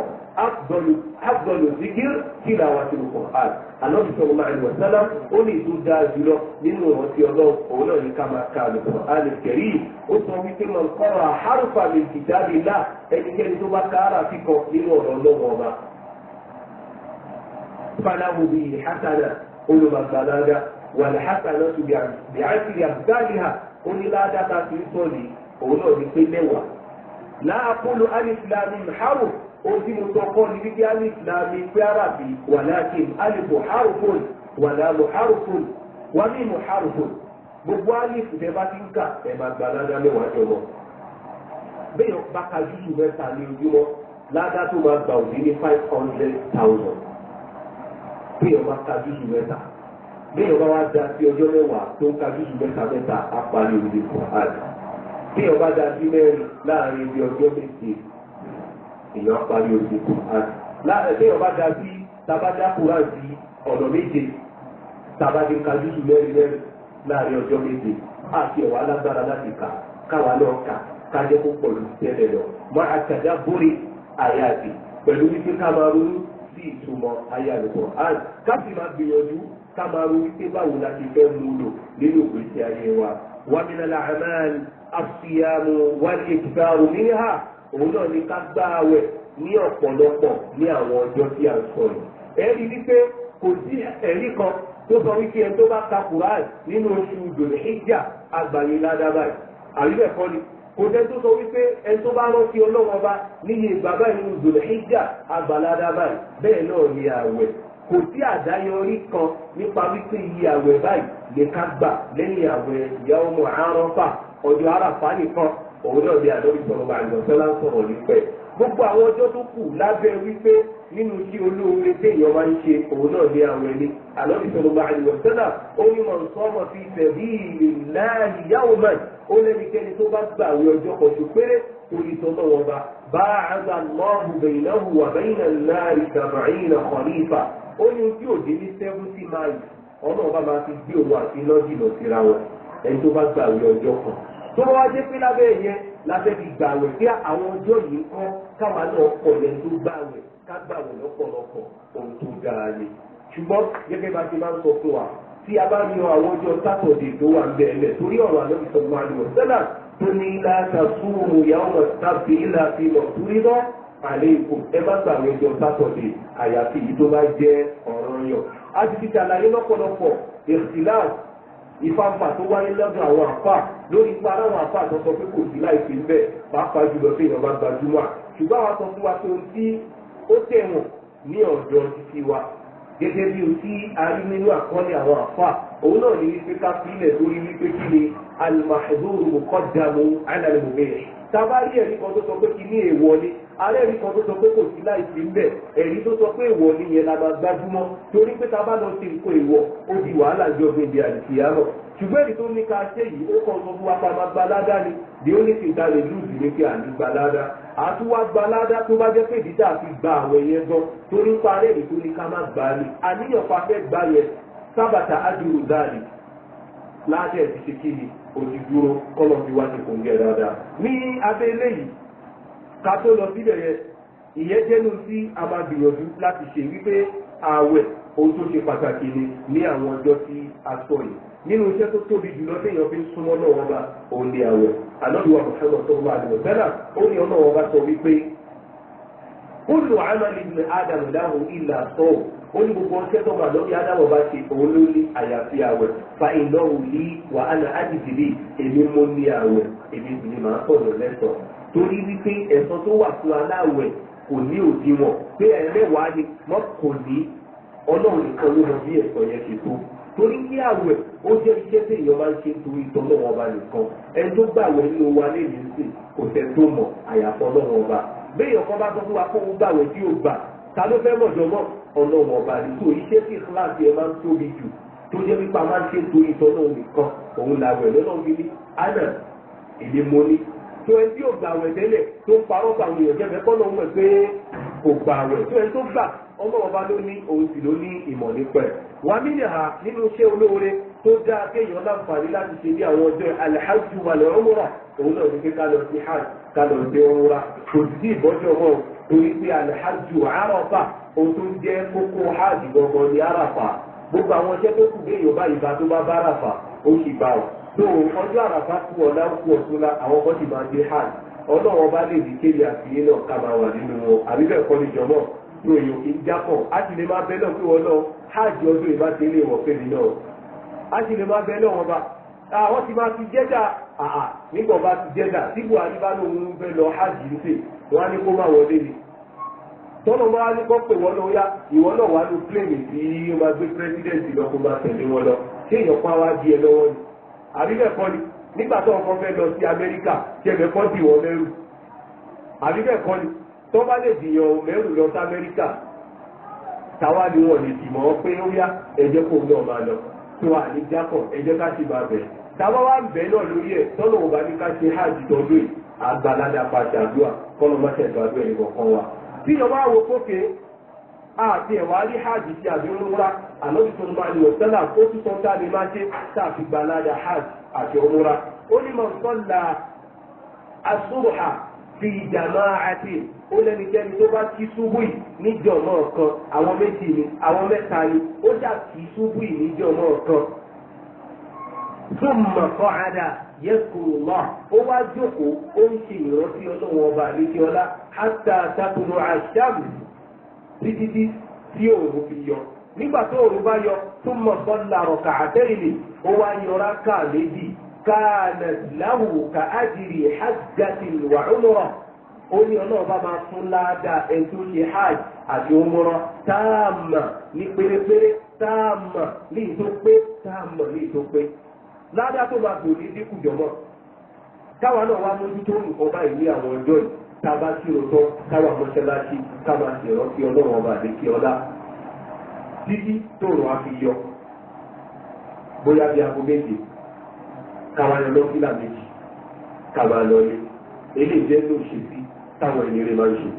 afdọ́lù zikir kìlà wàá tó lè kó àn ànábi sọ̀rọ̀ máa ń wọ̀ sálá ó ní ìtú dáa jùlọ nínú ìrántí ọlọ́run òun náà ní ká máa ka àlùkò àn kẹrí ó sọ wípé mọ̀ kọ́ra àhárùfà lè kìjáde lá ẹnikẹ́ni tó bá ká ara nínú ọ̀rọ̀ ọlọ́run ọba falahu bihi hasana olùmọ̀gbàlága wàlẹ̀ hasana tó bí àti àgbáyà onílàdàkà tó ń sọ ní òun náà ní pé mẹ́wàá. láàpọ̀lù alìsìlámì haru ohun tí mo sọ kọ́ ni wípé alìsìlámì pé arábì wàlákin alìbò harufun wàlámù harufun wàmímù harufun gbogbo alìsì tẹ bá ti ń kà ẹ máa gbàlága mẹ́wàá jọmọ. bẹ́ẹ̀ bá ka jújù mẹ́ta ní ojúmọ́ ládàá tó máa gbà òní ní five hundred thousand bí ọba kájú sùn mẹ́ta bí ọba wa da sí ọjọ́ mẹ́wàá tó kájú sùn mẹ́ta mẹ́ta apalẹ̀ òde Quran bí ọba da sí mẹ́rin láàrin ibi ọjọ́ méje èèyàn apalẹ̀ òde Quran láàrin bí ọba da sí tabada Quran sí ọ̀nà méje tabadi kájú sùn mẹ́rin mẹ́rin láàrin ọjọ́ méje àti ọ̀wá alágbára láti kà káwa náà kà kájẹ́ kó pọ̀lú tẹ́lẹ̀ lọ mọ́ àtàdá bóre àyà àti pẹ̀lú wípé ká máa ronú sí ìtumọ̀ ayálùkọ̀ àn ká sì máa gbìyànjú ká máa ro wípé báwo la ti fẹ́ mú lò nínú ìgbésí ayé wa. wàmínà làmáàlì àfihàn wálé ìgbà òní hà òun náà ni ká gbá àwẹ̀ ní ọ̀pọ̀lọpọ̀ ní àwọn ọjọ́ tí a sọ yìí. ẹ̀rí wípé kò sí ẹ̀rí kan tó sọ wípé ẹni tó bá ka Quran nínú oṣù dòlẹ́hìjà agbàyè ládàbàyè àríwẹ̀kọ́ ni kò dé tó sọ wípé ẹni tó bá rántí ọlọ́wọ́ bá níyì ìgbà báyìí nínú ìdòlẹ̀ ìjà abalada báyìí bẹ́ẹ̀ náà ni àwẹ̀ kò sí àdáyọrí kan nípa wípé iye àwẹ̀ báyìí lè ká gbà lẹ́yìn àwẹ̀ ìyàwó mọ̀ àárọ̀fà ọjọ́ àràfà nìkan òun náà ni àdóbi sọ̀rọ̀ bá àjọ sọ́lá ń sọ̀rọ̀ nípẹ́ gbogbo àwọn ọjọ́ tó kù lábẹ́ wípé nínú tí olóore téèyàn máa ń ṣe òun náà ní àwọn ẹni àlọ́bí sọ̀rọ̀ bá àjọ ó ní mọ̀ nsọ́mọ̀ fi tẹ̀bí ìlànà ìyàwó mẹ́rin ó lẹ́nikẹ́ni tó bá gbàwé ọjọ́ kọ̀ṣù péré torí tọ́lọ́ wọn bá bá àgbà lọ́ọ̀hùn bẹ̀yìn náà wà bẹ́yìn náà láàrin gàmàrin náà kọ̀ ní ìfà ó ní ojú òde ní seventy miles ọ̀nà ọba máa fi gbé òun àti lọ́jì lọ síra wọn ẹni tó bá gbàwé ọjọ́ kan tó bá wá dé pé lábẹ́ yẹn lábẹ́ fi gbàwé pé àwọn ọjọ́ yìí kọ́ káwa náà kọ̀ yẹn tó gbàwé ká gbàwé lọ́pọ̀lọpọ̀ ohun tó dára ni ṣùgbọ́n gẹ́gẹ́ bá ti máa ń sọ fún wa tí a bá yan àwọn ọjọ́ sátọ̀dé tó wà ń bẹ̀rẹ̀ torí ọ̀rọ̀ àlọ́bí sọ máa lò sẹ́là tó ní láta súnmù yàwó tàbí láti lọ torí lọ àlẹ́ ikú ẹ má gbà àwọn ọjọ́ sátọ̀dé àyàfi èyí tó bá jẹ́ ọ̀ràn yàn. a ti fi ṣàlàyé lọ́pọ̀lọpọ̀ ìṣìlá ìfàǹfà tó wáyé lọ́dọ̀ àwọn àfà lórí ipa aláwọn àfà tó sọ pé kò sí láìpẹ́ ń bẹ̀ pàápàá jùlọ pé èèyàn bá gbajúmọ̀ ṣùgbọ́n àwọn sọ fún wa pé ohun tí ó tẹ̀wọ̀n ní ọ̀dọ̀ títí wa gẹ́gẹ́ bí o tí a rí nínú àkọọ́lẹ̀ àwọn àfà òun náà ní wípé ká pílẹ̀ lórí wípé kí ni alimahaduru mukọ́dàmú alalimumeyi tábà rí ẹ̀rí kan tó sọ pé kí ní èèwọ̀ ni alẹ́ ẹ̀rí kan tó sọ pé kò sí láìsí ń bẹ̀ ẹ̀rí tó sọ pé èèwọ̀ ni yẹn la máa gbájúmọ́ torí pé tábà lọ sí nǹkan èèwọ̀ ó di wàhálà jọ gbèdé àdìsíyá náà ṣùgbọ́n èyí tó ní ká ṣe yìí ó kàn gbogbo wa pàmò gbalada ni the only thing that dey lose ni pé à ní gbalada àtúwá gbalada tó bá jẹ́ pé ìdíjà fi gba àwẹ̀ yẹn gan torí ń parẹ́ èyí tó ní ká má gbà á ni àníyàn pàfẹ́ gbà yẹn sábàtà ájúrò dáàlì láti ẹ̀ ti ṣe kí ni òtí dúró kọ́lọ̀ fi wá ti kò ń gẹ̀ dáadáa ní abẹ́ eléyìí ká tó lọ síbẹ̀ yẹn ìyẹn jẹ́nu sí a láti ṣe wípé ààwẹ̀ ohun tó ṣe pàtàkì ni ní àwọn ọjọ́ tí a sọ yìí nínú iṣẹ́ tó tóbi jùlọ téèyàn fi ń súnmọ́ náà wọn bá òun ní àwẹ̀ ànábìwà mùsùlùmọ́ tó wà nínú bẹ́ẹ̀ ó ní ọ̀nà wọn bá sọ wípé ó lò ámàlì ní ádámù dáhùn ìlà sọ ó ní gbogbo ọṣẹ́ tó bá lọ́bí ádámù bá ṣe òun ló ní àyàfi àwẹ̀ fa iná òní wà á na ádìdìlì èmi mo ní àwẹ̀ èmi sì ni màá sọ̀rọ̀ lẹ́sọ̀ọ́ torí wípé ẹ̀sán tó wà fún aláwẹ̀ kò ní òdiwọ̀n pé ẹ̀rẹ́wàá ni wọ́n kò ní ọlọ́run nìkan ló mọ bí ẹ̀sán yẹn ṣe tó torí kí àwẹ̀ ó jẹ́ iṣẹ́ tí èèyàn máa ń ṣe torí ìtọ́lọ́wọ́ ọba nìkan ẹni tó gbàwẹ̀ ní owó alẹ́ yìí sì kò tẹ́ tó mọ̀ àyàfọ́ ọlọ́wọ́ ọba béèyàn kan bá sọ fún wa kó ń gbàwẹ̀ tí o gbà ta ló fẹ́ mọ̀ jọmọ́ ọlọ́wọ́ ọba ni tó iṣẹ́ tí kíláàsì ẹ máa ń tóbi jù tó jẹ́ pípa máa ń ṣe torí ìtọ́lọ́wọ́ nìkan òun làwẹ̀ lọ́nà tó ẹni tí ò gbàwẹ̀ tẹ́lẹ̀ tó ń parọ́ pàwọn èèyàn ọlọ́wọ́ bá ló ní òun sì ló ní ìmọ̀ nípa ẹ̀. wà mí nìhà nínú iṣẹ́ olóore tó dáa kéèyàn láǹfààní láti ṣe ní àwọn ọjọ́ alhaju wàlẹ̀ ọmọra òun náà ní pé ká lọ sí hajj ká lọ sí ọmọra kò sí ìbọ́jọ́ mọ́ torí pé alhaju arafa ohun tó ń jẹ́ kókó hajj gbọ̀ngàn ní arafa gbogbo àwọn iṣẹ́ tó kù kéèyàn bá ìbá tó bá bá arafa ó sì bá ọ tó ọjọ́ arafa kú ọ̀la kú ọ̀túnla àwọn kan sì máa ń hajj ọlọ́wọ́ bá lè dí kéde náà ká máa wà nínú wọn àbí bẹ́ẹ̀ kọ́ níjọ náà ní èyàn kì í jápọ̀ á sì lè máa bẹ náà pé wọn náà hajj ọdún ìbá ti lé wọn fèrè náà á sì lè máa bẹ náà àwọn ti máa fi jẹ́dà àà ti jẹ́dà tí buhari bá lóun fẹ́ lọ ń á ní kó má wọlé ni ní kó pè gbé lọ kó wọn lọ ṣé èèyàn pa di ẹ lọ́wọ́ ni àbí bẹ́ẹ̀ kọ́ ni nígbà tó bá lè dìyàn ò mẹ́rù lọ sí amẹ́ríkà táwa ni wọ́n lè dìmọ̀ pé ó yá ẹ̀jẹ̀ kò náà máa lọ tó wà ní jákọ̀ ká sì máa bẹ̀. táwa wá ń bẹ̀ náà lórí ẹ̀ hajj ẹ̀ kọ̀ọ̀kan wa. bí wo kókè hajj sí àbíọ́múra hajj àti ọmúra. ó ní mọ̀ sọ́la asúrùhà fi ìjàmọ́ àti ó lẹ́nikẹ́ni tó bá kí ṣubú yìí níjọ̀mọ́ ọ̀kan àwọn méjì ni àwọn mẹ́ta ni ó dà kí ṣubú yìí níjọ̀mọ́ ọ̀kan Súnmọ̀ kọ́ àdá yẹ́kùrù náà ó wá jókòó ó ń ṣe ìrántí ọlọ́wọ́n ọba àlékiọlá hátà sàkùnrin àṣàmù títí tí òòrùn fi yọ. Nígbà tó òòrùn bá yọ, súnmọ̀ sọ́lá rọ̀kà àtẹ́yìn ni ó wá yọra káà méjì كانت له كأجر حجة وعمرة ó ní ọlọ́run bá máa fún ládàá ẹni tó ṣe hajj àti umrọ táàmà ní pérépéré táàmà ní ìtòpé táàmà ní ìtòpé ma tó máa dòní dínkù jọmọ káwọn náà wá mójútó nǹkan báyìí ní àwọn ọjọ́ yìí tá a bá sí òótọ́ káwa mọ́ṣáláṣí ká máa ṣe ìrántí ọlọ́run ọba káwa lọ lọ́kílà méjì káwa lọ lé èlé ìjẹ́ tó ṣe sí táwọn ènìyàn rẹ̀ máa ń ṣe.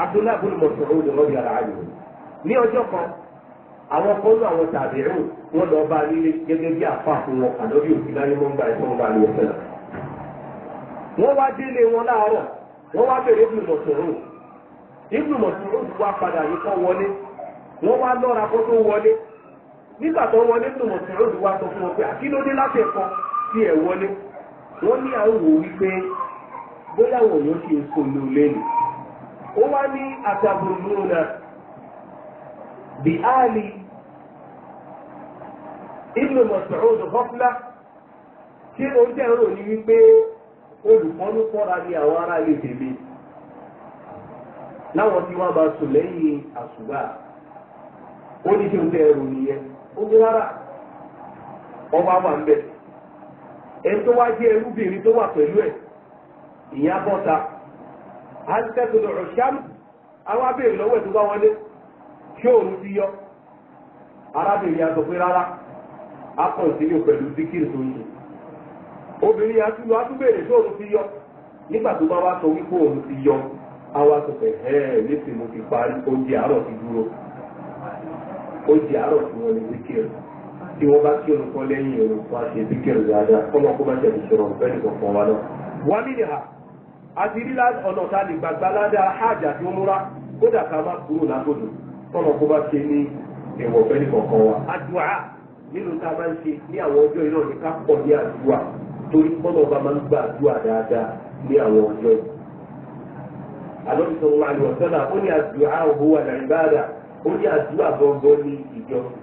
abdullahi bin Mas'ud ara àyè ní ọjọ́ kan àwọn kan ló àwọn tàbí rùn wọn lọ bá nílé gẹ́gẹ́ bí àfa fún wọn ànábì láyé gba ẹ̀fọ́ wọ́n wá délé wọn láàárọ̀ wọ́n wá bèrè wá padà yìí kọ́ wọlé wọ́n wá lọ́ra kó wọlé nígbà tó wọlé sọ sí ẹ̀ wọlé wọ́n ní àwọn wò wípé bóyá àwọn èèyàn ti ń polú lẹ́nu ó wá ní àtàbùrùmùnà bí áàlì ìlú mọ̀sọ̀rọ̀dù họ́fúlá tí oúnjẹ rò ní wípé olùkọ́nú pọ́ra àwọn ará ilé tèmi láwọn tí wọ́n bá sùn lẹ́yìn àṣùgbà ó ní kí oúnjẹ nìyẹn ẹni tó wá jẹ́ ẹrúbìnrin tó wà pẹ̀lú ẹ̀ ìyá bọ́ta alẹ́tẹ̀tẹ̀ ọ̀ṣám àwọn abèrè lọ́wọ́ ẹ̀ bá wọlé ṣé òun ti yọ arábìnrin yà pé rárá a kàn sílé pẹ̀lú zikiri tó ń ṣe obìnrin lọ a ti yọ nígbà tó bá wá sọ wípé òun ti yọ àwa sọ lẹ́sìn mo ti parí oúnjẹ àárọ̀ ti dúró tí wọ́n bá kírun kọ́ lẹ́yìn ẹ̀rọ wá ṣe bí kírun dáadáa kọ́lọ́ kó má ṣe fi ṣòro ọ̀fẹ́ nìkan kan wa lọ. wà á nílẹ̀ ha àti rí ọ̀nà tá a lè gbàgbá ládàá hajj àti umura kódà ká má kúrò lágbòdò kọ́lọ́ kó má ṣe ní ẹ̀wọ̀ ọ̀fẹ́ nìkan kan wa. àdúà nínú tá a máa ń ṣe ní àwọn ọjọ́ iná ní ká pọ̀ ní àdúà torí kọ́lọ́ bá máa ń gba àdúà dáadáa ní àwọn ọjọ́ yìí. àlọ́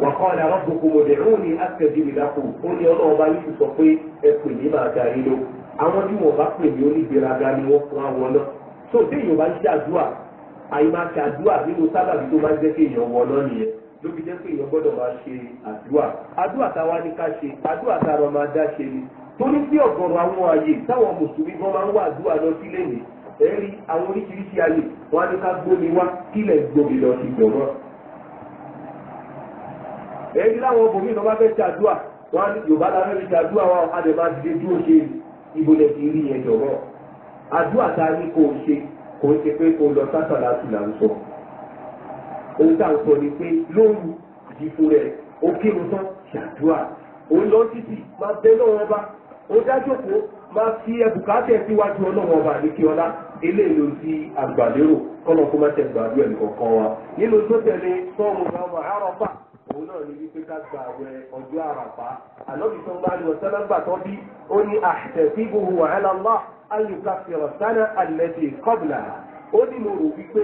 wàkọ́lá rọ́bùkù mọ̀dẹ̀rúnì àtẹ̀jìbì lápò ó ní ọlọ́ọ̀bá yìí sọ pé ẹ pè ní máa darí lọ àwọn tí wọn bá pè ní onígbéraga ni wọ́n fún àwọn náà tó bí bá ń ṣàdúà àyè máa ṣàdúà nínú sábàbí tó bá jẹ́ kí èèyàn wọ náà nìyẹn ló fi jẹ́ pé èèyàn gbọ́dọ̀ máa ṣe àdúà àdúà táwa ní ká ṣe àdúà táwa máa dá ṣe ni torí bí ọ̀gọ̀rọ̀ àwọn àyè táwọn mùsùlùmí gan máa ń wá àdúà lọ sílé ni ẹ̀rí àwọn oríṣiríṣi àyè wọn á ní ká gbómi wá kílẹ̀ gbòmìnà ìgbọ̀ngàn èyí láwọn obìnrin náà bá fẹ́ ṣàdúà wọn á ní yorùbá la fẹ́ ṣàdúà wa adẹ̀ máa dìde dúró ṣe ibo lẹ ti rí yẹn jọ̀rọ̀ àdúà tá a ní kó o ṣe kò ń ṣe pé kó o lọ sásàlá tù là ń sọ ohun tá à sọ ni pé lóru ìdìbò rẹ ó kéwòn tán ṣàdúà ó lọ títì máa bẹ lọ́wọ́ bá ó dájókòó máa fi ẹbùkátẹ̀ síwájú ọlọ́wọ́ ọba àdékè ọlá eléyìí ti àgbàlérò kọ́nà kó má tẹ̀ gbàdúrà ẹnì kọ̀ọ̀kan wa nínú tó tẹ̀lé sọ́ọ̀mù ọmọ àrọ́pà òun náà ní wípé ká gba àwẹ̀ ọjọ́ àràpá ànábì tó ń bá lọ sálágbà tó bí ó ní àtẹ̀síbùhù wàhálà ńlá ayùká fìrọ̀ sánà àlẹ́dẹ̀ kọ́bìlà ó ní mo rò wípé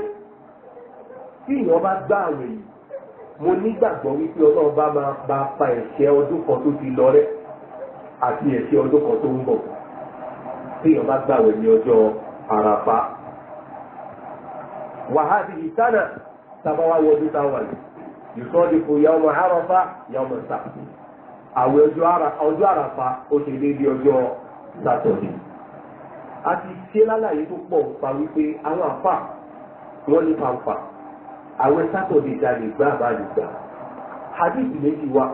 tí ìyàn bá gbá àwẹ̀ yìí mo nígbàgbọ́ wípé ọlọ́run bá máa bá pa ẹ̀ṣẹ̀ ọdún kan tó ti lọ rẹ́ àti ẹ̀ṣẹ̀ ọdún kan tó ń bọ̀ tí ìyàn bá gbà wẹ̀ ní ọjọ́ àràpá wàhálà ìtànà tàbá wọdún táwọn yìí. يصادف يوم عرفة يوم السبت àwọn ọjọ́ àràfà ó ṣe déédéé ọjọ́ sátọ̀dé a ti ṣe lálàyé tó pa wípé àwọn àfà wọ́n ní fanfa àwọn sátọ̀dé jalè gbá àbálẹ̀ hadith méjì wá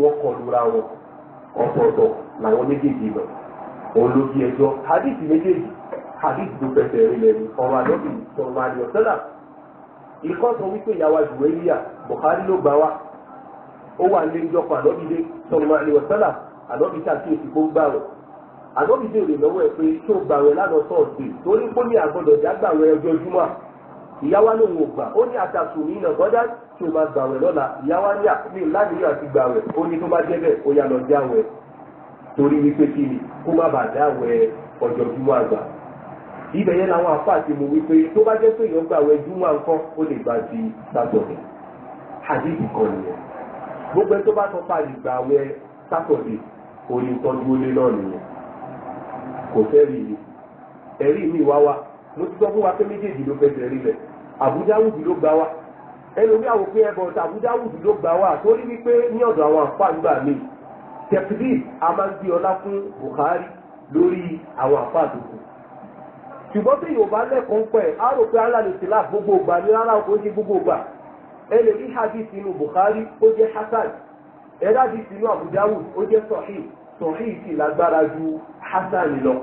wọ́n kọ lura wọn ọ̀tọ̀ọ̀tọ̀ làwọn ìkọ́ wípé ìyàwó ìwéyà Buhari ló gbà wá ó wà ní ìjọpọ̀ ànọ́bìdé sọ̀rọ̀ àlèwọ̀sọ́là ànọ́bì sàkíyèsí kó ń gbà wẹ̀ ànọ́bì béèrè lọ́wọ́ ẹ̀ pé tó gbà lánàá sọ̀ọ̀sì torí ní àgbọ̀dọ̀ já gbà wẹ̀ ọjọ́ júmọ́ ìyáwá ló ń wò gbà ó ní àtàkùn ní ìnà tí ó máa lọ́la ìyáwá ní àti ó ní tó bá jẹ́ ibẹ̀ yẹn làwọn àfa àti mo wí pé tó bá jẹ́ pé èèyàn gbà wẹ júmọ̀ nǹkan ó lè gbà sí sátọ̀dẹ̀ àdìsí kan nìyẹn gbogbo ẹ tó bá sọ fàlì gbà wẹ sátọ̀dẹ̀ orí tọ́jú olé náà nìyẹn kò fẹ́ rí i ẹ̀rí mi wá wa mo ti sọ fún wa pé méjèèjì ló fẹsẹ̀ rí lẹ̀ àbújá wùdí ló gbà wá ẹlòmí àwọn pé ẹbọ tàbújá wùdí ló gbà wá torí wípé ní ọ̀dọ̀ àwọn àfa mi tẹ̀pìlì a máa ń gbé ọlá fún Buhari lórí àwọn àfa àdókò ṣùgbọ́n tí yorùbá lẹ́kọ̀ọ́ pẹ̀ á rò pé alálùsílà gbogbo ìgbà ní rárá o kò ṣe gbogbo ìgbà ẹ lè rí hadith inú bukhari ó jẹ́ hasan ẹ rí hadith inú abu dawud ó jẹ́ sahih sahih sì lágbára ju hasan lọ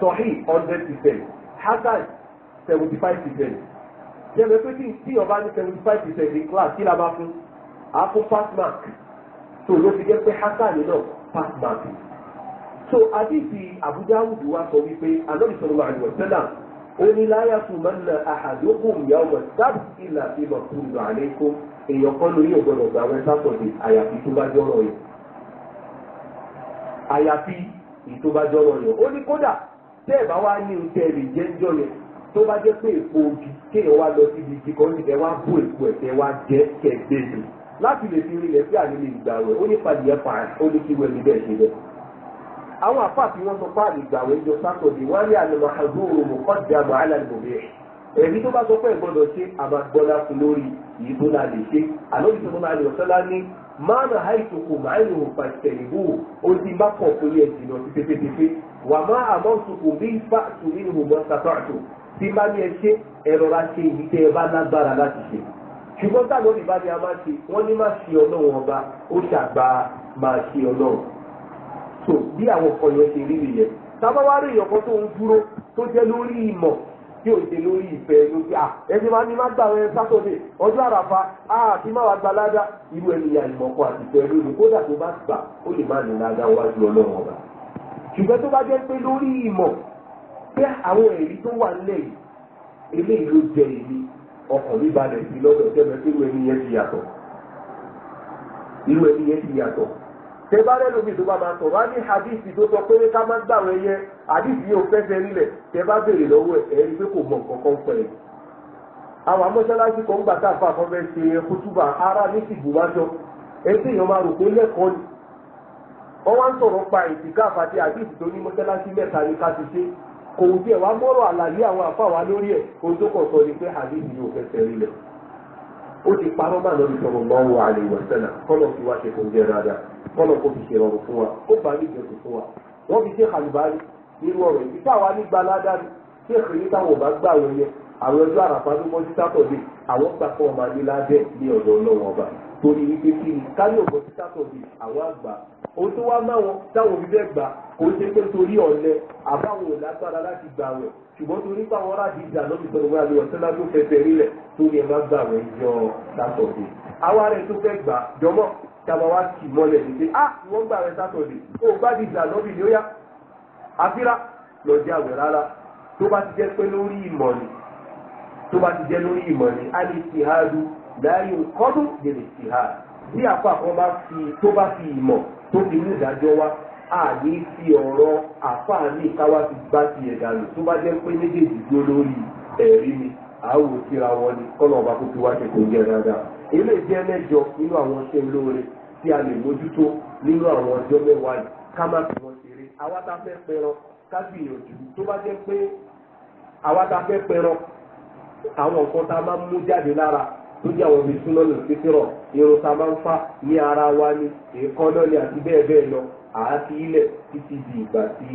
sahih hundred percent hasan seventy five percent jẹ́mi pé tí yorùbá ní seventy five percent ní class kí la bá fún a fún pass mark tó ló fi jẹ́ pé hasan náà pass mark ni so àdìsí àbújá àwùjọ wa sọ wípé anábìsọ̀rọ̀ àlùwẹ̀ sẹ́là ó ní láyà tún máa ń na àhàdógún ìyá ọmọ sábà ìlà ìmọ̀ tó ń lọ àlékún èèyàn kan lórí ògbọ́dọ̀ gba àwọn sátọ̀dé àyàfi tó bá jọ́rọ̀ yẹn àyàfi ìtòbájọ́rọ̀ yẹn ó ní kódà tẹ́ ẹ̀ bá wá ní oúnjẹ rè jẹ́ńjọ́ yẹn tó bá jẹ́ pé èpo ojú kéèyàn wá lọ síbi igi kan níbẹ̀ wá bó èpo ẹ̀tẹ̀ wá jẹ́ kẹ̀gbẹ́dù e láti lè fi rinlẹ̀ sí àlè àwọn àpáàtì wọn sọ páàlì gbàwé jọ sátọdì wọn rí àlọmọ àgbòrò mọkàndínláàmọ alàlùmọbẹ ẹbí tó bá sọ pé gbọ́dọ̀ ṣe àbàgbọlá fún lórí yìí tó náà lè ṣe àlọbí tó náà lè ọsọlá ní máàna àìsòkò máàlù pàṣẹlìbù ó ti bá pọ̀ pẹ̀lú ẹ̀jìn lọ sí pépépépé wà má àmọ́ sòkò bí fàtú nínú mọ̀ sàtọ̀tù tí bá ní ẹ ṣe ẹ̀rọ la ṣe èyí tẹ́ ẹ bá lágbára láti ṣe ṣùgbọ́n táwọn ìbá ni a máa ṣe wọ́n ní má ṣe ọlọ́run ọba ó ṣàgbà máa ṣe ọlọ́run so bí àwọn ọkọ yẹn ṣe rí yẹn. sábà wá rí ìyọkọ tó ń dúró tó jẹ lórí ìmọ̀ tí ò ṣe lórí ìfẹ́ lórí à ẹni máa ní má gbà ọjọ́ àràfà á ti má gba ládá irú ẹni ya ìmọ̀kọ àti ìfẹ́ kódà tó bá gbà ó lè má ní ládá wájú ọlọ́run ọba ṣùgbọ́n tó bá jẹ́ pé lórí ìmọ̀ pé àwọn ẹ̀rí tó wà nílẹ̀ yìí eléyìí ló jẹ èmi ọkàn mi balẹ̀ sí tẹ́bárẹ́ lómi tó bá máa tọ̀ wá ní hadithi tó sọ pé ká má gbàwọ̀ ẹyẹ hadithi yóò fẹ́fẹ́ rílẹ̀ tẹ́bá béèrè lọ́wọ́ ẹ ẹ́ pé kò mọ̀ nǹkan kan pẹ̀ àwọn amọ́ṣáláṣí kan gbà tá a fà ṣe ara ní ni. wọ́n wá ń sọ̀rọ̀ pa ìtìkáàfà àti hadithi tó ní mọ́ṣáláṣí mẹ́ta ni ká ti ṣe kò wù díẹ̀ wá mọ́rọ̀ àlàyé àwọn wa lórí ẹ̀ ó ti parọ́ màá lọ́dún sọ̀rọ̀ mọ́ wọn kọ́lọ̀ wọ́n lọ kó fi ṣe rọrùn fún wa ó bá ní ìjọsìn fún wa wọ́n fi ṣe kàlùbárì nínú ọ̀rọ̀ yìí táwa ní gbalada ni ṣé èkìrí táwọn ò bá gbà wọ́n àwọn ẹjọ́ àràfà ló mọ́jú sátọ̀dé àwọn gbà fún ọmọ adé lábẹ́ ní ọ̀dọ̀ ọlọ́wọ́n ọba torí wípé kí ni káyọ̀ bọ̀ sí sátọ̀dé àwọn àgbà ohun tó wá máa wọn táwọn òbí bẹ́ẹ̀ gbà kò ṣe pé torí ọ̀lẹ àbáwọn ò lágbára láti gbà wẹ̀ ṣùgbọ́n torí báwọn ráàdì ìjà lọ́bí sọ̀rọ̀ wá lè ọ̀sẹ̀ lágbó fẹsẹ̀ rílẹ̀ torí ẹ̀ má gbà wẹ̀ yọ sátọ̀dé àwa rẹ̀ tó fẹ́ gbà jọmọ́ táwa wá kì mọ́lẹ̀ ah, nígbè ni ó yá àfírà lọ́jẹ́ àwẹ̀ rárá tó bá ti jẹ́ pé lórí ìmọ̀ ni tó bá ti jẹ́ lórí ìmọ̀ ni lè ti háàdù láàyè kọ́dún lèrè si ha bí àpapọ̀ bá fi tó fi ìmọ̀ tó fi a ní fi ọ̀rọ̀ afọ káwá ti gbá ti ẹ̀dànù tó bá jẹ́ pé méjèèjì dúró lórí ẹ̀rí ni àwọn òkèra wọn ni kọ́nà ọba kó fi wá ṣe kò dáadáa ilé jẹ́ mẹ́jọ nínú àwọn ṣe lóore tí a lè mójútó nínú àwọn ọjọ́ mẹ́wàá yìí ká má fi tó jẹ́ àwọn bíi súnmọ́ nù fífírọ̀ irun tá a máa ń fa ní ara wa ni èékánná ni àti bẹ́ẹ̀ bẹ́ẹ̀ lọ àáfi ilẹ̀ títí di ìgbà tí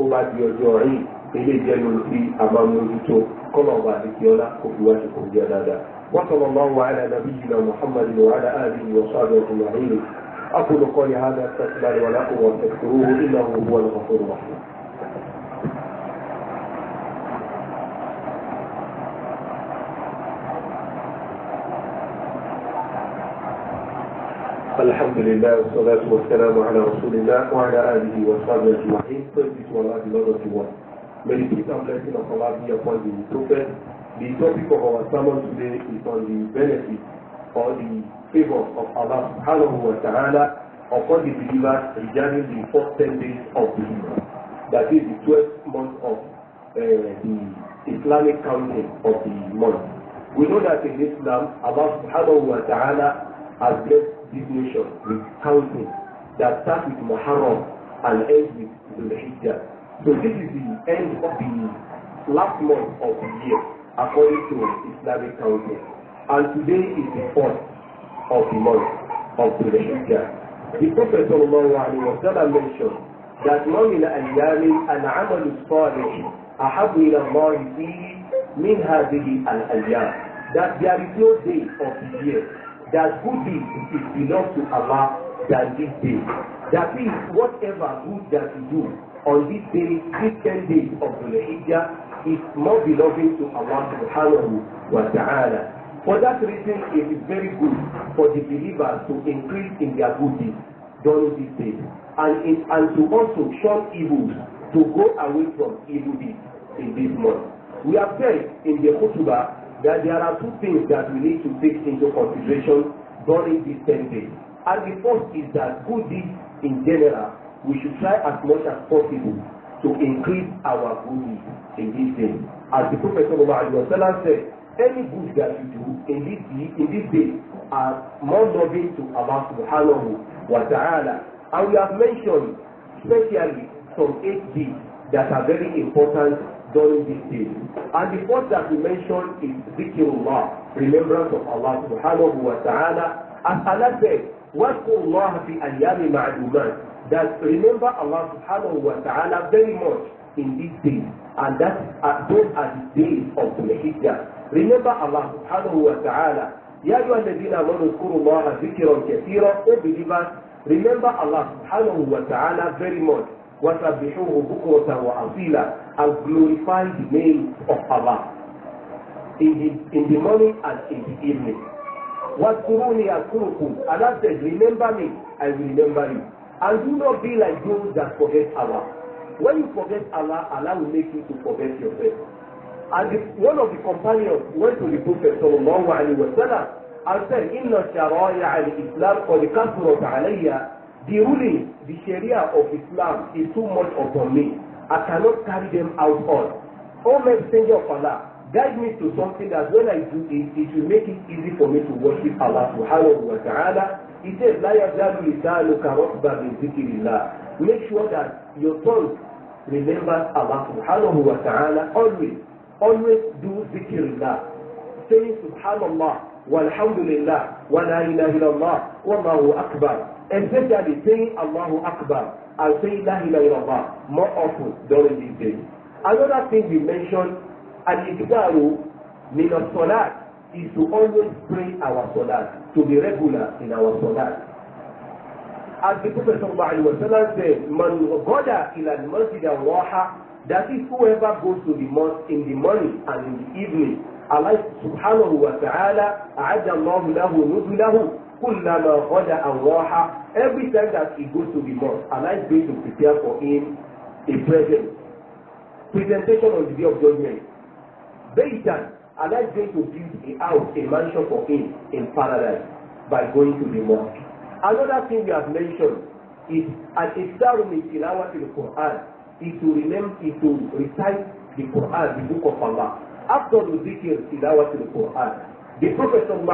ó bá di ọjọ́ rìn ilé ìjẹun tí a máa ń mójútó kọ́nà ọba àdìsí ọlá kò fi wá ṣe kò jẹ́ dáadáa. وصلى الله على نبينا محمد وعلى اله وصحبه اجمعين اقول قولي هذا استغفر ولكم واستغفروه انه هو الغفور الرحيم الحمد لله والصلاة والسلام على رسول الله وعلى آله وصحبه أجمعين Praise to Allah the Lord of the world May the peace and upon the Prophet The topic of our sermon today is on the benefit or the favor of Allah subhanahu wa ta'ala upon the believers regarding the first ten days of the year that is the twelfth month of uh, the Islamic counting of the month we know that in Islam Allah subhanahu wa ta'ala has blessed this nation with counting that starts with Muharram and ends with Zulhijjah. So this is the end of the last month of the year according to Islamic counting. And today is the fourth of the month of Zulhijjah. The Prophet sallallahu alaihi wasallam mentioned that ما من أيام العمل الصالح أحب إلى الله فيه من هذه الأيام. That there is no day of the year that good deed is enough to Allah than this day. That means whatever good that you do on this day, this ten days of the Hijjah, is more beloved to Allah subhanahu wa ta'ala. For that reason, it is very good for the believers to increase in their good deeds during this day and, in, and to also shun evils, to go away from evil deeds in this month. We have said in the khutbah that there are two things that we need to take into consideration during these ten days. And the first is that good deeds in general, we should try as much as possible to increase our good deeds in this day. As the Prophet sallallahu alaihi wasallam said, any good that you do in this day, in this day are more loving to Allah subhanahu wa ta'ala. And we have mentioned specially some eight deeds that are very important during this day. And the fourth that we mentioned is zikrullah, remembrance of Allah subhanahu wa ta'ala. As Allah said, وَاذْكُرُوا اللَّهَ فِي أَيَّامِ مَعْلُومَاتٍ That remember Allah subhanahu wa ta'ala very much in these days. And that uh, those are the days of the Hijjah. Remember Allah subhanahu wa ta'ala. Ya أَيُّهَا الَّذِينَ آمَنُوا اذْكُرُوا اللَّهَ ذِكْرًا كَثِيرًا O believers, remember Allah subhanahu wa ta'ala very much. وسبحوه بكرة وأصيلا and glorify the name of Allah in the, in the morning and in the evening. واذكروني أذكركم and after remember me I will remember you and do not be like those that forget Allah. When you forget Allah, Allah will make you to forget yourself. And the, one of the companions went to the Prophet sallallahu alaihi wasallam and said, إن شرائع الإسلام قد كثرت عليّ The ruling, the Sharia of Islam is too much upon me. I cannot carry them out on. O oh, messenger of Allah, guide me to something that when I do it, it will make it easy for me to worship Allah subhanahu wa ta'ala. He says, La yazalu lisanuka rasba min zikrillah. Make sure that your tongue remembers Allah subhanahu wa ta'ala always. Always do zikrillah. Saying subhanallah, walhamdulillah, wa la ilaha illallah, wa Allahu akbar especially saying Allahu Akbar and saying La ilaha illallah more often during these days. Another thing we mentioned, al-ikbaru min as-salat is to always pray our salat, to be regular in our salat. As the Prophet sallallahu alaihi wasallam said, man ghada ila al-masjid waha, that is whoever goes to the mosque in the morning and in the evening, Allah subhanahu wa ta'ala a'adda Allahu lahu nuzulahu kullama ghada and every time that he goes to the mosque Allah is going to prepare for him a present presentation on the day of judgment beitan Allah is going to build a house a mansion for him in paradise by going to the mosque another thing we have mentioned is an iftaru min tilawati al-Quran is to remember is to recite the Quran the book of Allah after the zikr to al-Quran The Prophet ﷺ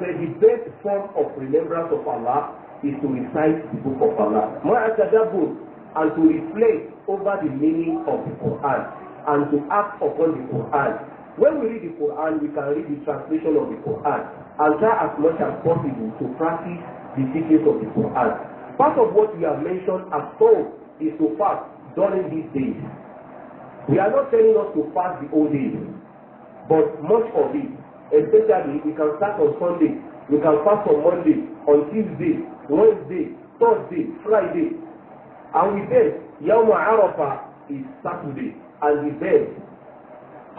said the best form of remembrance of Allah is to recite the book of Allah. Mu'atadabur and to reflect over the meaning of the Quran and to act upon the Quran. When we read the Quran, we can read the translation of the Quran and try as much as possible to practice the teachings of the Quran. Part of what we have mentioned as soul is to fast during these days. We are not telling us to fast the whole day, but much of it especially we can start on Sunday we can fast on Monday on Tuesday Wednesday Thursday Friday and with them yawma arafa is Saturday and the best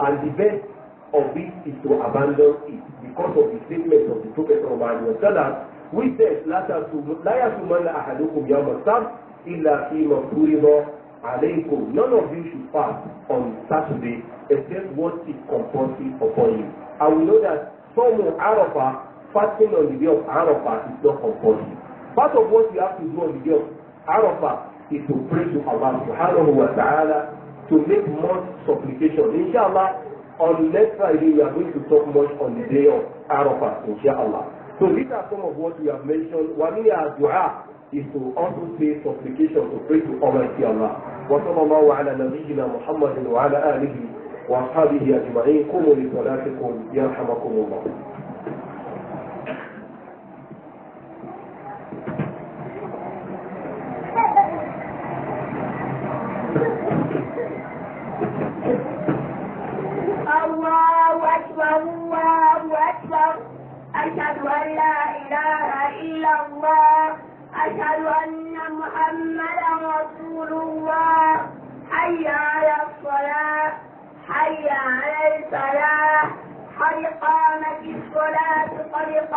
and the best of it is to abandon it because of the statement of the Prophet of Muhammad so that we said la yasumanna ahadukum yawma sabt illa fima furida alaykum none of you should fast on Saturday except what is compulsory upon you. I will know that some of Arafah, fasting on the day of Arafah is not compulsory. Part of what you have to do on the day of Arafah is to pray to Allah subhanahu wa ta'ala to make much supplication. Inshallah, on next Friday we are going to talk much on the day of Arafah, inshallah. So these are some of what we have mentioned. Wamiya dua is to also say supplication to pray to Almighty Allah. وصلى الله على نبينا محمد وعلى آله وأصحابه أجمعين قوموا لصلاتكم يرحمكم الله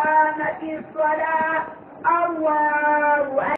قامت الصلاة الله